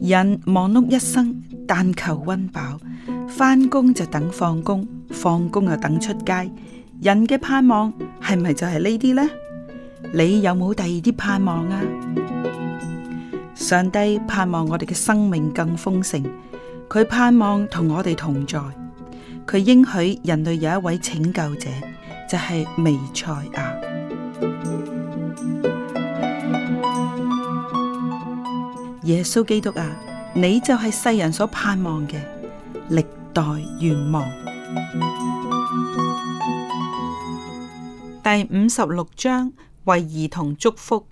人忙碌一生，但求溫飽，翻工就等放工，放工又等出街。人嘅盼望係咪就係呢啲呢？你有冇第二啲盼望啊？上帝盼望我哋嘅生命更豐盛，佢盼望同我哋同在，佢應許人類有一位拯救者，就係彌賽亞。耶穌基督啊，你就係世人所盼望嘅歷代願望。第五十六章，為兒童祝福。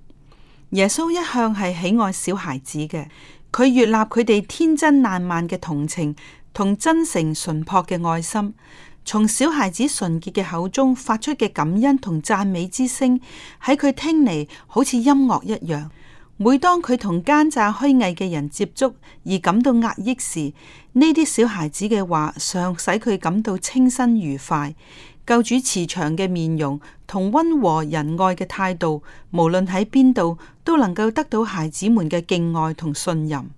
耶穌一向係喜愛小孩子嘅，佢悅納佢哋天真爛漫嘅同情同真誠純樸嘅愛心。從小孩子純潔嘅口中發出嘅感恩同讚美之聲，喺佢聽嚟好似音樂一樣。每當佢同奸詐虛偽嘅人接觸而感到壓抑時，呢啲小孩子嘅話常使佢感到清新愉快。救主慈祥嘅面容同溫和仁愛嘅態度，無論喺邊度都能夠得到孩子們嘅敬愛同信任。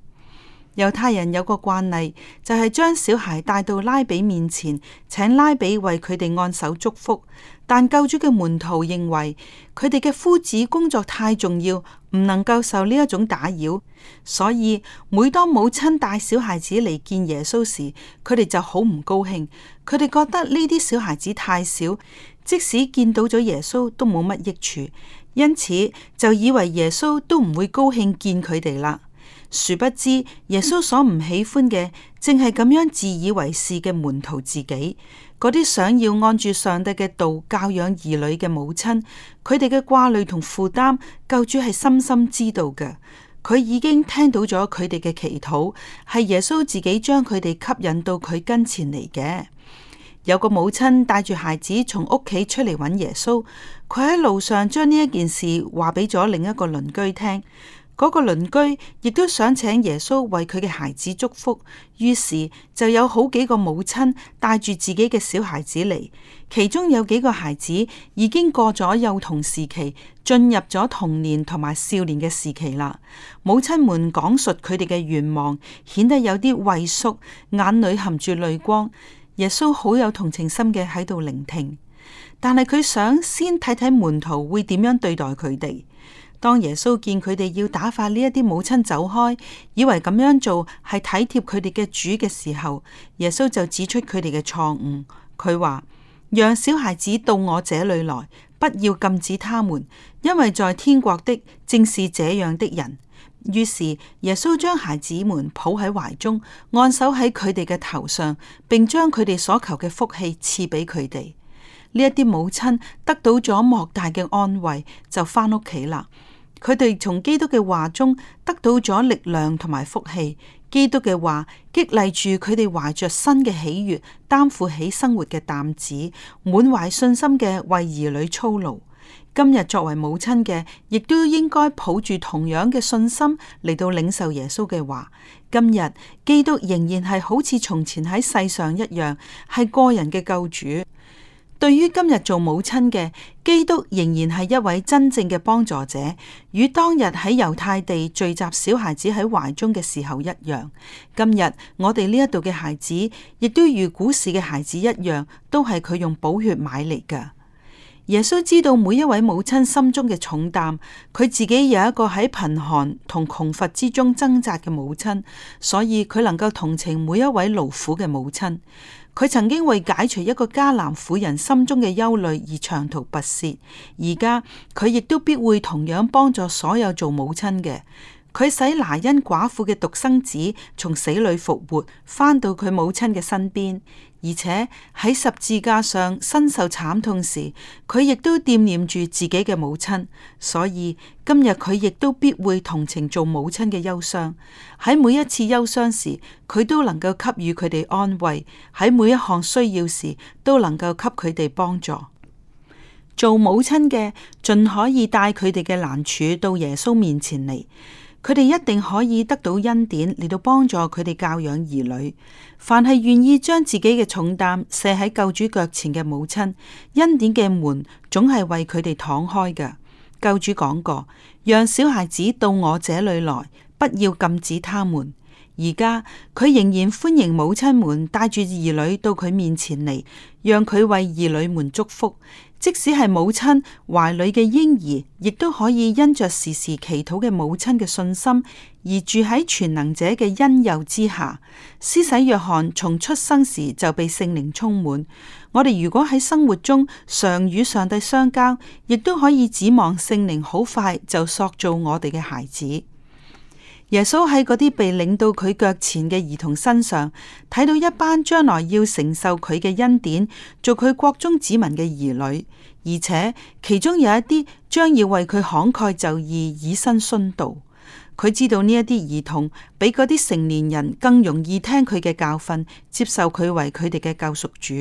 猶太人有個慣例，就係、是、將小孩帶到拉比面前，請拉比為佢哋按手祝福。但救主嘅門徒認為，佢哋嘅夫子工作太重要，唔能夠受呢一種打擾，所以每當母親帶小孩子嚟見耶穌時，佢哋就好唔高興。佢哋覺得呢啲小孩子太小，即使見到咗耶穌都冇乜益處，因此就以為耶穌都唔會高興見佢哋啦。殊不知，耶穌所唔喜歡嘅，正係咁樣自以為是嘅門徒自己。嗰啲想要按住上帝嘅道教養兒女嘅母親，佢哋嘅掛慮同負擔，救主係深深知道嘅。佢已經聽到咗佢哋嘅祈禱，係耶穌自己將佢哋吸引到佢跟前嚟嘅。有個母親帶住孩子從屋企出嚟揾耶穌，佢喺路上將呢一件事話俾咗另一個鄰居聽。嗰個鄰居亦都想請耶穌為佢嘅孩子祝福，於是就有好幾個母親帶住自己嘅小孩子嚟，其中有幾個孩子已經過咗幼童時期，進入咗童年同埋少年嘅時期啦。母親們講述佢哋嘅願望，顯得有啲畏縮，眼裏含住淚光。耶穌好有同情心嘅喺度聆聽，但係佢想先睇睇門徒會點樣對待佢哋。當耶穌見佢哋要打發呢一啲母親走開，以為咁樣做係體貼佢哋嘅主嘅時候，耶穌就指出佢哋嘅錯誤。佢話：讓小孩子到我這裏來，不要禁止他們，因為在天國的正是這樣的人。於是耶穌將孩子們抱喺懷中，按手喺佢哋嘅頭上，並將佢哋所求嘅福氣賜俾佢哋。呢一啲母親得到咗莫大嘅安慰，就翻屋企啦。佢哋從基督嘅話中得到咗力量同埋福氣，基督嘅話激勵住佢哋懷着新嘅喜悦，擔負起生活嘅擔子，滿懷信心嘅為兒女操勞。今日作為母親嘅，亦都應該抱住同樣嘅信心嚟到領受耶穌嘅話。今日基督仍然係好似從前喺世上一樣，係個人嘅救主。對於今日做母親嘅，基督仍然係一位真正嘅幫助者，與當日喺猶太地聚集小孩子喺懷中嘅時候一樣。今日我哋呢一度嘅孩子，亦都如古時嘅孩子一樣，都係佢用寶血買嚟噶。耶穌知道每一位母親心中嘅重擔，佢自己有一個喺貧寒同窮乏之中掙扎嘅母親，所以佢能夠同情每一位勞苦嘅母親。佢曾經為解除一個迦南婦人心中嘅憂慮而長途跋涉，而家佢亦都必會同樣幫助所有做母親嘅。佢使拿因寡婦嘅獨生子從死裏復活，返到佢母親嘅身邊。而且喺十字架上身受慘痛時，佢亦都惦念住自己嘅母親，所以今日佢亦都必會同情做母親嘅憂傷。喺每一次憂傷時，佢都能夠給予佢哋安慰；喺每一項需要時，都能夠給佢哋幫助。做母親嘅盡可以帶佢哋嘅難處到耶穌面前嚟。佢哋一定可以得到恩典嚟到幫助佢哋教養兒女。凡係願意將自己嘅重擔卸喺救主腳前嘅母親，恩典嘅門總係為佢哋敞開嘅。救主講過，讓小孩子到我這裏來，不要禁止他們。而家佢仍然歡迎母親們帶住兒女到佢面前嚟，讓佢為兒女們祝福。即使係母親懷裏嘅嬰兒，亦都可以因着時時祈禱嘅母親嘅信心，而住喺全能者嘅恩佑之下。施洗約翰從出生時就被聖靈充滿。我哋如果喺生活中常與上帝相交，亦都可以指望聖靈好快就塑造我哋嘅孩子。耶穌喺嗰啲被領到佢腳前嘅兒童身上，睇到一班將來要承受佢嘅恩典，做佢國中子民嘅兒女，而且其中有一啲將要為佢慷慨就義，以身殉道。佢知道呢一啲兒童比嗰啲成年人更容易聽佢嘅教訓，接受佢為佢哋嘅救贖主，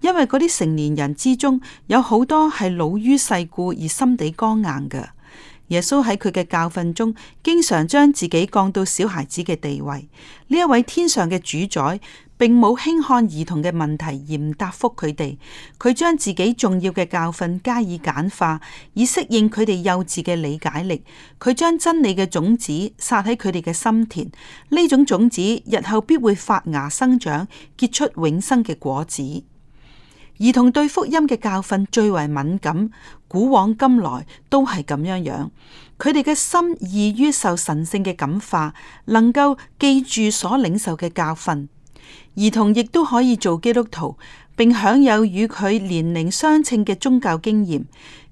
因為嗰啲成年人之中有好多係老於世故而心地剛硬嘅。.耶穌喺佢嘅教訓中，經常將自己降到小孩子嘅地位。呢一位天上嘅主宰，並冇輕看兒童嘅問題而唔答覆佢哋。佢將自己重要嘅教訓加以簡化，以適應佢哋幼稚嘅理解力。佢將真理嘅種子撒喺佢哋嘅心田。呢種種子日後必會發芽生長，結出永生嘅果子。兒童對福音嘅教訓最為敏感，古往今來都係咁樣樣。佢哋嘅心易於受神聖嘅感化，能夠記住所領受嘅教訓。兒童亦都可以做基督徒，並享有與佢年齡相稱嘅宗教經驗。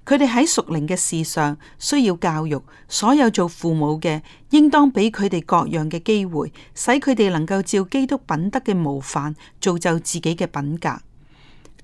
佢哋喺屬靈嘅事上需要教育，所有做父母嘅應當俾佢哋各樣嘅機會，使佢哋能夠照基督品德嘅模範，造就自己嘅品格。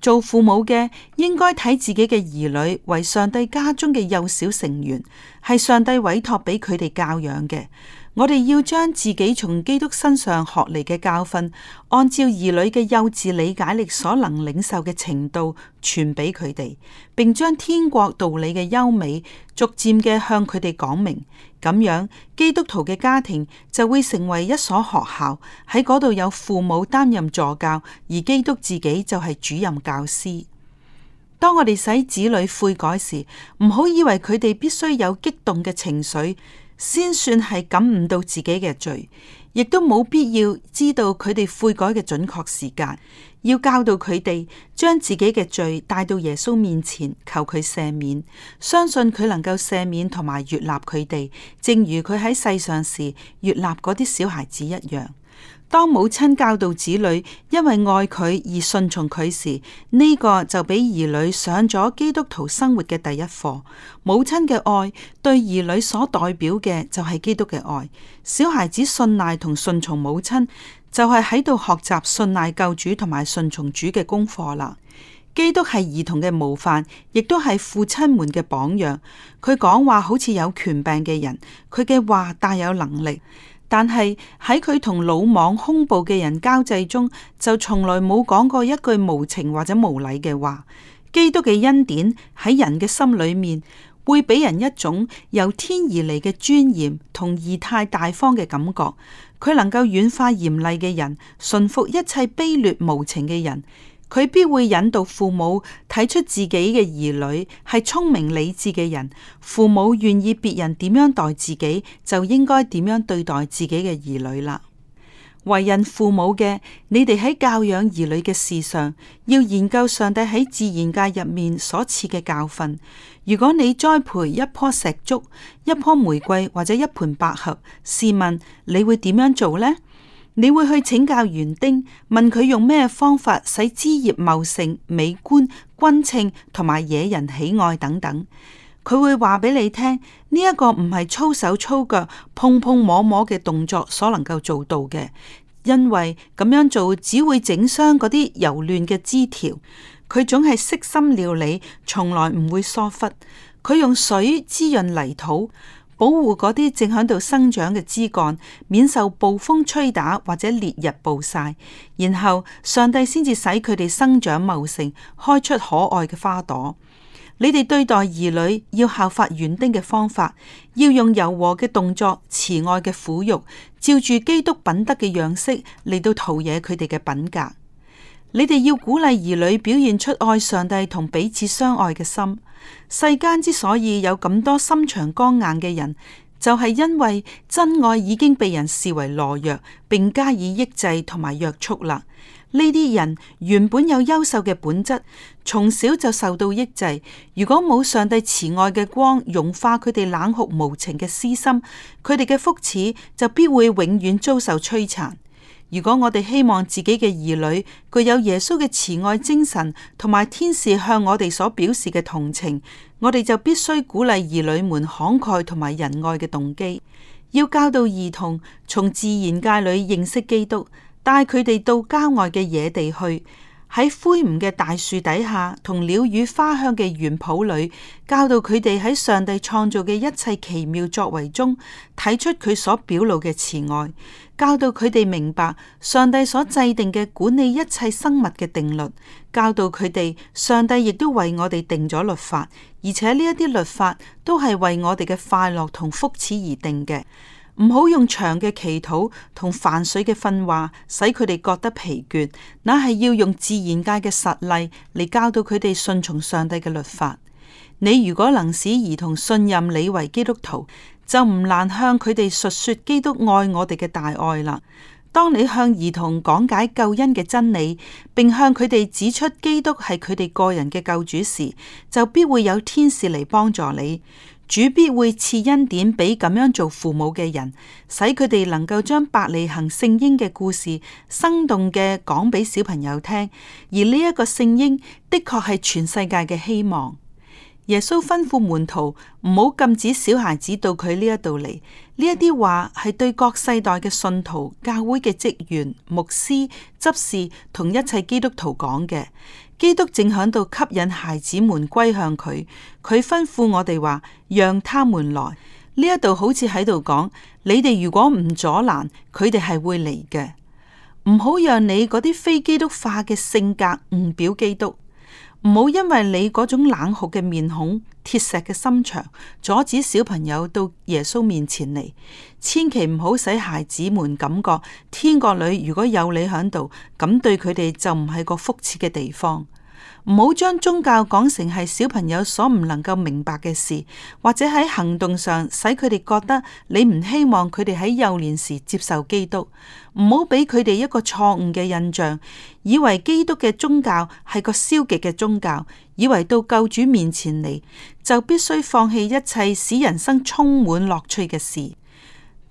做父母嘅應該睇自己嘅兒女為上帝家中嘅幼小成員，係上帝委託俾佢哋教養嘅。我哋要將自己從基督身上學嚟嘅教訓，按照兒女嘅幼稚理解力所能領受嘅程度，傳俾佢哋，並將天國道理嘅優美，逐漸嘅向佢哋講明。咁樣，基督徒嘅家庭就會成為一所學校，喺嗰度有父母擔任助教，而基督自己就係主任教師。當我哋使子女悔改時，唔好以為佢哋必須有激動嘅情緒。先算係感悟到自己嘅罪，亦都冇必要知道佢哋悔改嘅準確時間。要教導佢哋將自己嘅罪帶到耶穌面前，求佢赦免，相信佢能夠赦免同埋悅納佢哋，正如佢喺世上時悅納嗰啲小孩子一樣。當母親教導子女，因為愛佢而順從佢時，呢、這個就俾兒女上咗基督徒生活嘅第一課。母親嘅愛對兒女所代表嘅就係基督嘅愛。小孩子信賴同順從母親，就係喺度學習信賴救主同埋順從主嘅功課啦。基督係兒童嘅模範，亦都係父親們嘅榜樣。佢講話好似有權柄嘅人，佢嘅話大有能力。但係喺佢同魯莽兇暴嘅人交際中，就從來冇講過一句無情或者無禮嘅話。基督嘅恩典喺人嘅心裏面，會俾人一種由天而嚟嘅尊嚴同儀態大方嘅感覺。佢能夠軟化嚴厲嘅人，馴服一切卑劣無情嘅人。佢必會引導父母睇出自己嘅兒女係聰明理智嘅人，父母願意別人點樣待自己，就應該點樣對待自己嘅兒女啦。為人父母嘅，你哋喺教養兒女嘅事上，要研究上帝喺自然界入面所賜嘅教訓。如果你栽培一棵石竹、一棵玫瑰或者一盆百合，試問你會點樣做呢？你會去請教園丁，問佢用咩方法使枝葉茂盛、美觀、均稱同埋惹人喜愛等等。佢會話俾你聽，呢一個唔係粗手粗腳碰碰摸摸嘅動作所能夠做到嘅，因為咁樣做只會整傷嗰啲柔嫩嘅枝條。佢總係悉心料理，從來唔會疏忽。佢用水滋潤泥土。保護嗰啲正喺度生長嘅枝幹，免受暴風吹打或者烈日暴曬，然後上帝先至使佢哋生長茂盛，開出可愛嘅花朵。你哋對待兒女要效法園丁嘅方法，要用柔和嘅動作、慈愛嘅撫育，照住基督品德嘅樣式嚟到陶冶佢哋嘅品格。你哋要鼓勵兒女表現出愛上帝同彼此相愛嘅心。世間之所以有咁多心腸剛硬嘅人，就係因為真愛已經被人視為懦弱，並加以抑制同埋約束啦。呢啲人原本有優秀嘅本質，從小就受到抑制。如果冇上帝慈愛嘅光融化佢哋冷酷無情嘅私心，佢哋嘅福祉就必會永遠遭受摧殘。如果我哋希望自己嘅兒女具有耶穌嘅慈愛精神，同埋天使向我哋所表示嘅同情，我哋就必須鼓勵兒女們慷慨同埋仁愛嘅動機，要教導兒童從自然界裏認識基督，帶佢哋到郊外嘅野地去。喺灰梧嘅大樹底下，同鳥語花香嘅園圃裏，教導佢哋喺上帝創造嘅一切奇妙作為中睇出佢所表露嘅慈愛，教導佢哋明白上帝所制定嘅管理一切生物嘅定律，教導佢哋上帝亦都為我哋定咗律法，而且呢一啲律法都係為我哋嘅快樂同福祉而定嘅。唔好用長嘅祈禱同繁水嘅訓話，使佢哋覺得疲倦。那係要用自然界嘅實例嚟教導佢哋信從上帝嘅律法。你如果能使兒童信任你為基督徒，就唔難向佢哋述說基督愛我哋嘅大愛啦。當你向兒童講解救恩嘅真理，並向佢哋指出基督係佢哋個人嘅救主時，就必會有天使嚟幫助你。主必會賜恩典俾咁樣做父母嘅人，使佢哋能夠將伯利恆聖嬰嘅故事生動嘅講俾小朋友聽，而呢一個聖嬰的確係全世界嘅希望。耶穌吩咐門徒唔好禁止小孩子到佢呢一度嚟，呢一啲話係對各世代嘅信徒、教會嘅職員、牧師、執事同一切基督徒講嘅。基督正響度吸引孩子們歸向佢，佢吩咐我哋話，讓他們來。呢一度好似喺度講，你哋如果唔阻攔，佢哋係會嚟嘅。唔好讓你嗰啲非基督化嘅性格誤表基督。唔好因為你嗰種冷酷嘅面孔、鐵石嘅心腸，阻止小朋友到耶穌面前嚟。千祈唔好使孩子們感覺天國裏如果有你喺度，咁對佢哋就唔係個福祉嘅地方。唔好將宗教講成係小朋友所唔能夠明白嘅事，或者喺行動上使佢哋覺得你唔希望佢哋喺幼年時接受基督。唔好俾佢哋一個錯誤嘅印象，以為基督嘅宗教係個消極嘅宗教，以為到救主面前嚟，就必須放棄一切使人生充滿樂趣嘅事。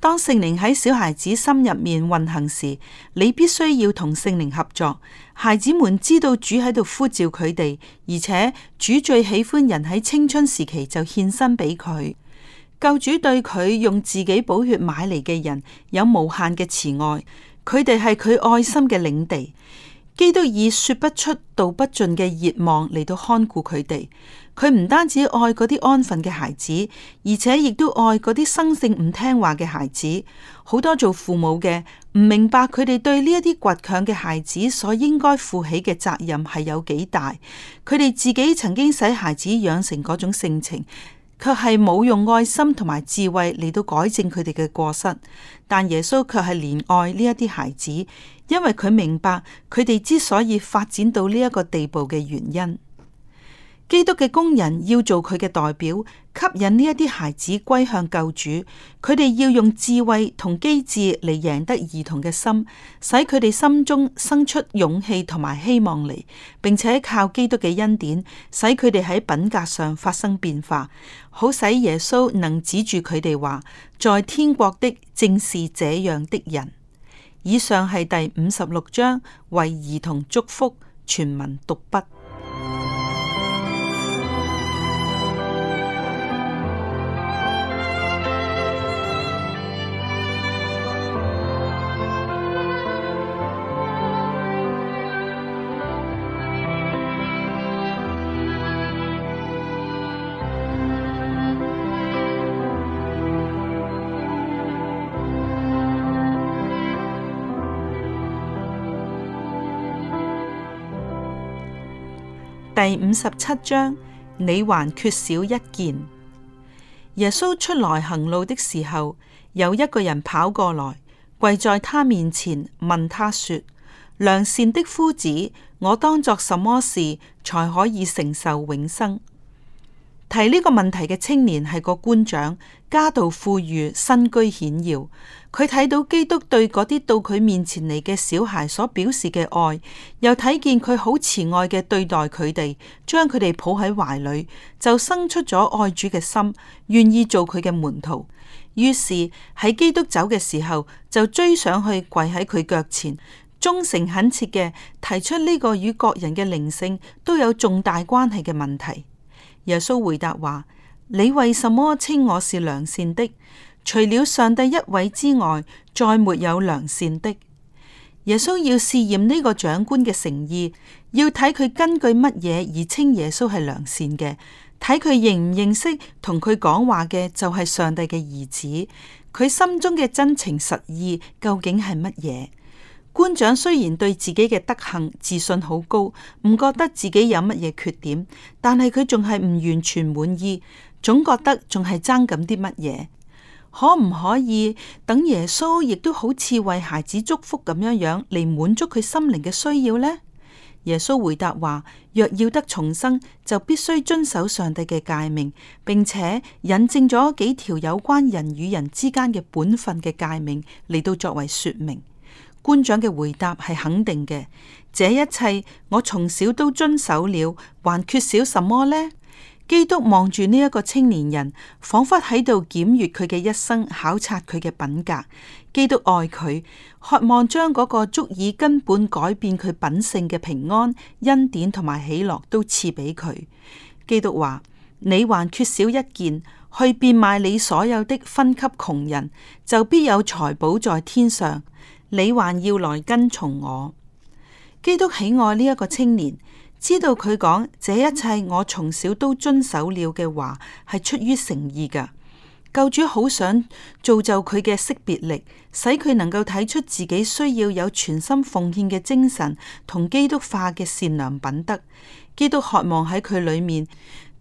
當聖靈喺小孩子心入面運行時，你必須要同聖靈合作。孩子們知道主喺度呼召佢哋，而且主最喜歡人喺青春時期就獻身俾佢。救主對佢用自己寶血買嚟嘅人有無限嘅慈愛，佢哋係佢愛心嘅領地。基督以說不出、道不盡嘅熱望嚟到看顧佢哋，佢唔單止愛嗰啲安分嘅孩子，而且亦都愛嗰啲生性唔聽話嘅孩子。好多做父母嘅唔明白，佢哋對呢一啲倔強嘅孩子所應該負起嘅責任係有幾大，佢哋自己曾經使孩子養成嗰種性情。卻係冇用愛心同埋智慧嚟到改正佢哋嘅過失，但耶穌卻係憐愛呢一啲孩子，因為佢明白佢哋之所以發展到呢一個地步嘅原因。基督嘅工人要做佢嘅代表，吸引呢一啲孩子歸向救主。佢哋要用智慧同機智嚟贏得兒童嘅心，使佢哋心中生出勇氣同埋希望嚟，並且靠基督嘅恩典，使佢哋喺品格上發生變化，好使耶穌能指住佢哋話，在天國的正是這樣的人。以上係第五十六章為兒童祝福全文讀畢。第五十七章，你還缺少一件。耶穌出來行路的時候，有一個人跑過來，跪在他面前，問他說：良善的夫子，我當作什麼事才可以承受永生？提呢個問題嘅青年係個官長，家道富裕，身居顯耀。佢睇到基督對嗰啲到佢面前嚟嘅小孩所表示嘅愛，又睇見佢好慈愛嘅對待佢哋，將佢哋抱喺懷裏，就生出咗愛主嘅心，願意做佢嘅門徒。於是喺基督走嘅時候，就追上去跪喺佢腳前，忠誠懇切嘅提出呢個與各人嘅靈性都有重大關係嘅問題。耶穌回答話：你為什麼稱我是良善的？除了上帝一位之外，再沒有良善的。耶穌要試驗呢個長官嘅誠意，要睇佢根據乜嘢而稱耶穌係良善嘅，睇佢認唔認識同佢講話嘅就係上帝嘅兒子，佢心中嘅真情實意究竟係乜嘢？官長雖然對自己嘅德行自信好高，唔覺得自己有乜嘢缺點，但係佢仲係唔完全滿意，總覺得仲係爭緊啲乜嘢。可唔可以等耶穌亦都好似為孩子祝福咁樣樣嚟滿足佢心靈嘅需要呢？耶穌回答話：若要得重生，就必須遵守上帝嘅誡命，並且引證咗幾條有關人與人之間嘅本分嘅誡命嚟到作為說明。官長嘅回答係肯定嘅，這一切我從小都遵守了，還缺少什麼呢？基督望住呢一個青年人，仿佛喺度檢閱佢嘅一生，考察佢嘅品格。基督愛佢，渴望將嗰個足以根本改變佢品性嘅平安、恩典同埋喜樂都賜俾佢。基督話：你還缺少一件，去變賣你所有的，分給窮人，就必有財寶在天上。你還要來跟從我。基督喜愛呢一個青年，知道佢講這一切我從小都遵守了嘅話，係出於誠意㗎。救主好想造就佢嘅識別力，使佢能夠睇出自己需要有全心奉獻嘅精神同基督化嘅善良品德。基督渴望喺佢裏面。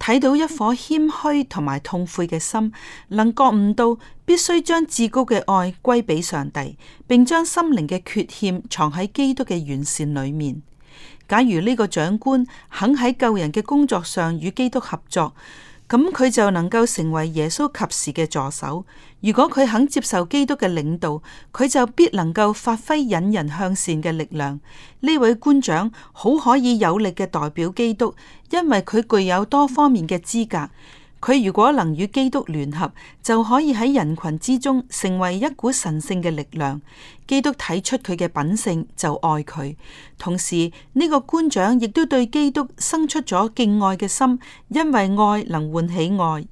睇到一顆謙虛同埋痛悔嘅心，能覺悟到必須將至高嘅愛歸俾上帝，並將心靈嘅缺陷藏喺基督嘅完善裏面。假如呢個長官肯喺救人嘅工作上與基督合作。咁佢就能夠成為耶穌及時嘅助手。如果佢肯接受基督嘅領導，佢就必能夠發揮引人向善嘅力量。呢位官長好可以有力嘅代表基督，因為佢具有多方面嘅資格。佢如果能與基督聯合，就可以喺人群之中成為一股神聖嘅力量。基督睇出佢嘅品性就愛佢，同時呢、這個官長亦都對基督生出咗敬愛嘅心，因為愛能喚起愛。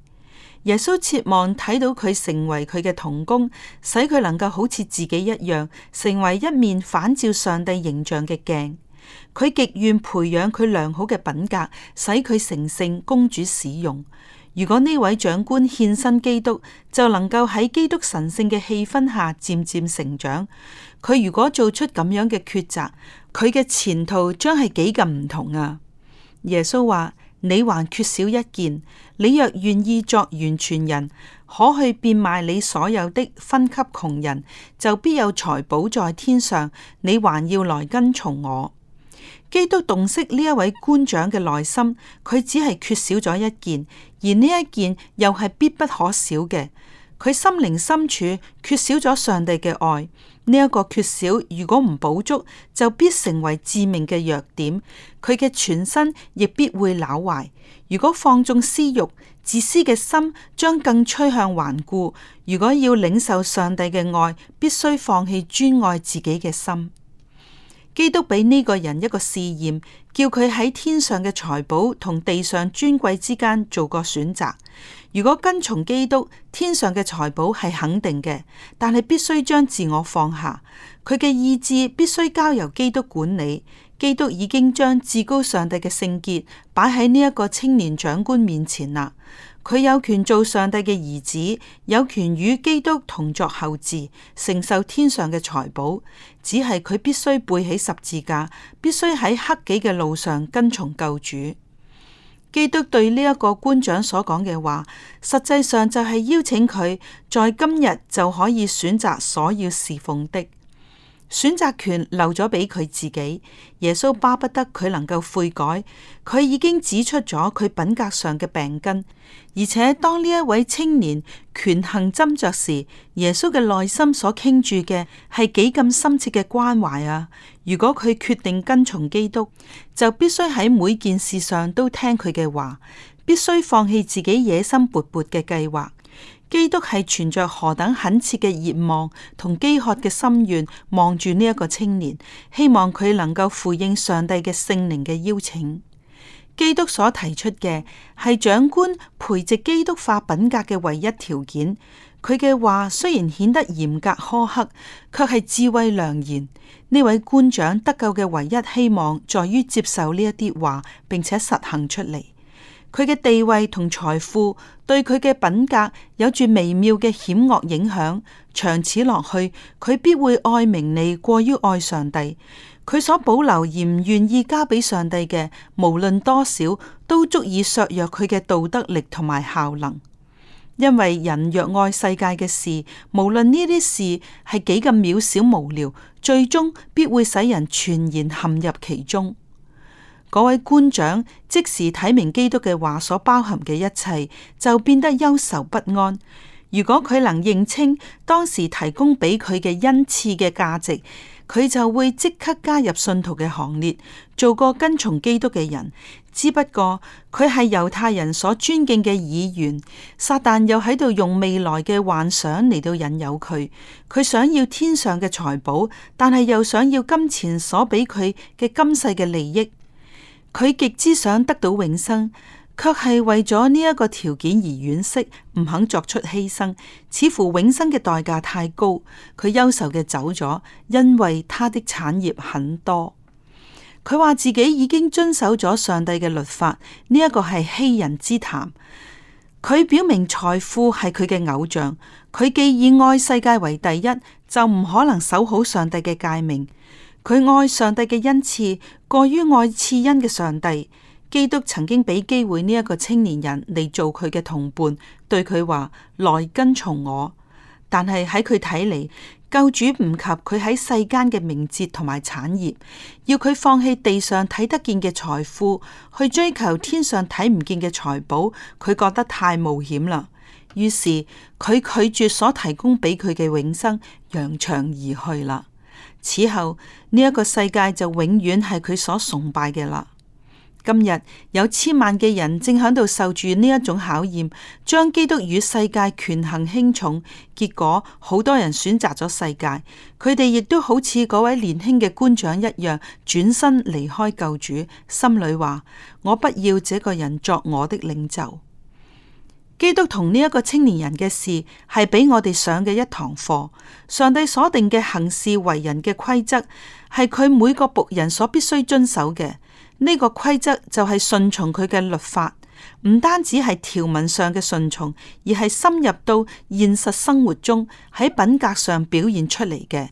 耶穌切望睇到佢成為佢嘅同工，使佢能夠好似自己一樣，成為一面反照上帝形象嘅鏡。佢極願培養佢良好嘅品格，使佢成聖，供主使用。如果呢位長官獻身基督，就能夠喺基督神聖嘅氣氛下漸漸成長。佢如果做出咁樣嘅抉擇，佢嘅前途將係幾咁唔同啊！耶穌話：你還缺少一件，你若願意作完全人，可去變賣你所有的，分給窮人，就必有財寶在天上。你還要來跟從我。基督洞悉呢一位官長嘅內心，佢只係缺少咗一件，而呢一件又係必不可少嘅。佢心靈深處缺少咗上帝嘅愛，呢一個缺少如果唔補足，就必成為致命嘅弱點。佢嘅全身亦必會扭壞。如果放縱私欲、自私嘅心，將更趨向頑固。如果要領受上帝嘅愛，必須放棄專愛自己嘅心。基督俾呢個人一個試驗，叫佢喺天上嘅財寶同地上尊貴之間做個選擇。如果跟從基督，天上嘅財寶係肯定嘅，但係必須將自我放下，佢嘅意志必須交由基督管理。基督已經將至高上帝嘅聖潔擺喺呢一個青年長官面前啦。佢有權做上帝嘅兒子，有權與基督同作後嗣，承受天上嘅財寶。只係佢必須背起十字架，必須喺克己嘅路上跟從救主。基督對呢一個官長所講嘅話，實際上就係邀請佢在今日就可以選擇所要侍奉的。選擇權留咗俾佢自己，耶穌巴不得佢能夠悔改。佢已經指出咗佢品格上嘅病根，而且當呢一位青年權衡斟酌時，耶穌嘅內心所傾注嘅係幾咁深切嘅關懷啊！如果佢決定跟從基督，就必須喺每件事上都聽佢嘅話，必須放棄自己野心勃勃嘅計劃。基督係存着何等懇切嘅熱望同飢渴嘅心願，望住呢一個青年，希望佢能夠回應上帝嘅聖靈嘅邀請。基督所提出嘅係長官培植基督化品格嘅唯一條件。佢嘅話雖然顯得嚴格苛刻，卻係智慧良言。呢位官長得救嘅唯一希望，在於接受呢一啲話，並且實行出嚟。佢嘅地位同財富對佢嘅品格有住微妙嘅險惡影響，長此落去，佢必會愛名利過於愛上帝。佢所保留而唔願意交俾上帝嘅，無論多少，都足以削弱佢嘅道德力同埋效能。因為人若愛世界嘅事，無論呢啲事係幾咁渺小無聊，最終必會使人全然陷入其中。嗰位官長即時睇明基督嘅話所包含嘅一切，就變得憂愁不安。如果佢能認清當時提供俾佢嘅恩賜嘅價值，佢就會即刻加入信徒嘅行列，做個跟從基督嘅人。只不過佢係猶太人所尊敬嘅議員，撒旦又喺度用未來嘅幻想嚟到引誘佢。佢想要天上嘅財寶，但係又想要金錢所俾佢嘅今世嘅利益。佢極之想得到永生，却係為咗呢一個條件而惋惜，唔肯作出犧牲，似乎永生嘅代價太高。佢憂愁嘅走咗，因為他的產業很多。佢話自己已經遵守咗上帝嘅律法，呢一個係欺人之談。佢表明財富係佢嘅偶像，佢既以愛世界為第一，就唔可能守好上帝嘅誡命。佢愛上帝嘅恩賜，過於愛賜恩嘅上帝。基督曾經俾機會呢一個青年人嚟做佢嘅同伴，對佢話，來跟從我。但係喺佢睇嚟，救主唔及佢喺世間嘅名節同埋產業，要佢放棄地上睇得見嘅財富，去追求天上睇唔見嘅財寶，佢覺得太冒險啦。於是佢拒絕所提供俾佢嘅永生，揚長而去啦。此後呢一個世界就永遠係佢所崇拜嘅啦。今日有千萬嘅人正響度受住呢一種考驗，將基督與世界權衡輕重，結果好多人選擇咗世界，佢哋亦都好似嗰位年輕嘅官長一樣，轉身離開救主，心裏話：我不要這個人作我的領袖。基督同呢一個青年人嘅事係俾我哋上嘅一堂課。上帝所定嘅行事為人嘅規則係佢每個僕人所必須遵守嘅。呢個規則就係順從佢嘅律法，唔單止係條文上嘅順從，而係深入到現實生活中喺品格上表現出嚟嘅。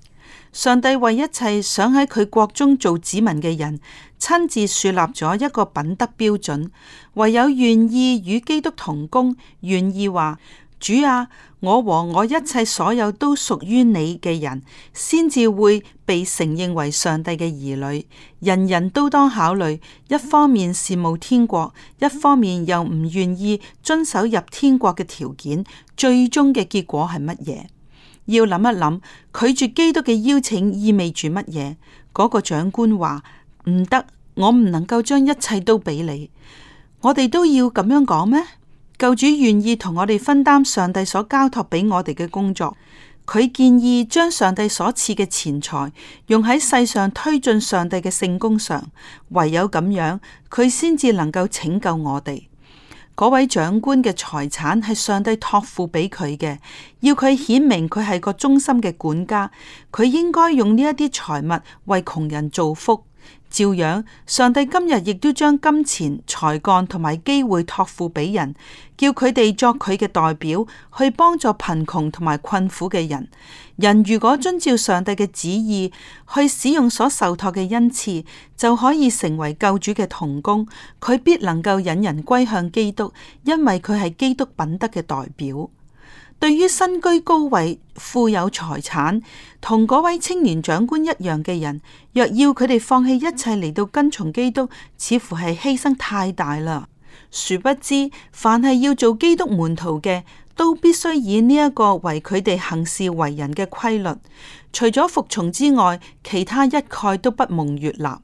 上帝為一切想喺佢國中做子民嘅人，親自樹立咗一個品德標準。唯有願意與基督同工，願意話主啊，我和我一切所有都屬於你嘅人，先至會被承認為上帝嘅兒女。人人都當考慮，一方面羨慕天國，一方面又唔願意遵守入天國嘅條件，最終嘅結果係乜嘢？要諗一諗，拒絕基督嘅邀請意味住乜嘢？嗰、那個長官話唔得，我唔能夠將一切都俾你。我哋都要咁樣講咩？救主願意同我哋分擔上帝所交託俾我哋嘅工作。佢建議將上帝所賜嘅錢財用喺世上推進上帝嘅聖工上，唯有咁樣，佢先至能夠拯救我哋。嗰位長官嘅財產係上帝託付俾佢嘅，要佢顯明佢係個忠心嘅管家，佢應該用呢一啲財物為窮人造福。照樣，上帝今日亦都將金錢、才幹同埋機會託付俾人，叫佢哋作佢嘅代表去幫助貧窮同埋困苦嘅人。人如果遵照上帝嘅旨意去使用所受託嘅恩賜，就可以成為救主嘅同工。佢必能夠引人歸向基督，因為佢係基督品德嘅代表。對於身居高位、富有財產同嗰位青年長官一樣嘅人，若要佢哋放棄一切嚟到跟從基督，似乎係犧牲太大啦。殊不知，凡係要做基督門徒嘅，都必須以呢一個為佢哋行事為人嘅規律，除咗服從之外，其他一概都不蒙悅納。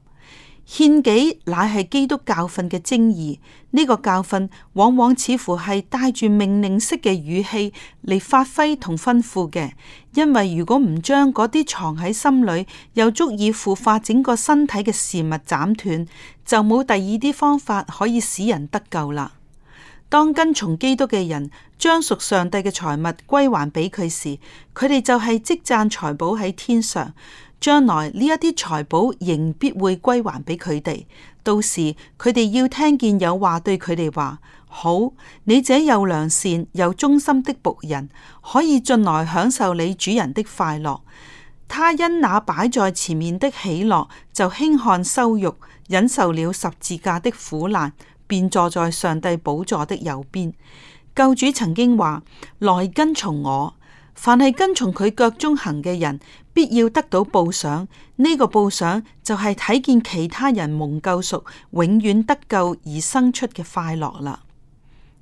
獻己乃係基督教訓嘅精義，呢個教訓往往似乎係帶住命令式嘅語氣嚟發揮同吩咐嘅，因為如果唔將嗰啲藏喺心裏，又足以腐化整個身體嘅事物斬斷，就冇第二啲方法可以使人得救啦。當跟從基督嘅人將屬上帝嘅財物歸還俾佢時，佢哋就係積攢財寶喺天上。將來呢一啲財寶仍必會歸還俾佢哋。到時佢哋要聽見有話對佢哋話：好，你這又良善又忠心的僕人，可以進來享受你主人的快樂。他因那擺在前面的喜樂，就輕看羞辱，忍受了十字架的苦難。便坐在上帝寶座的右邊。救主曾經話：來跟從我，凡係跟從佢腳中行嘅人，必要得到報賞。呢、這個報賞就係睇見其他人蒙救贖、永遠得救而生出嘅快樂啦。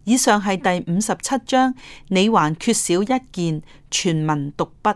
以上係第五十七章，你還缺少一件？全文讀畢。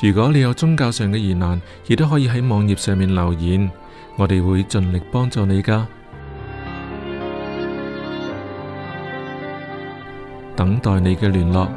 如果你有宗教上嘅疑難，亦都可以喺網頁上面留言，我哋會盡力幫助你㗎，等待你嘅聯絡。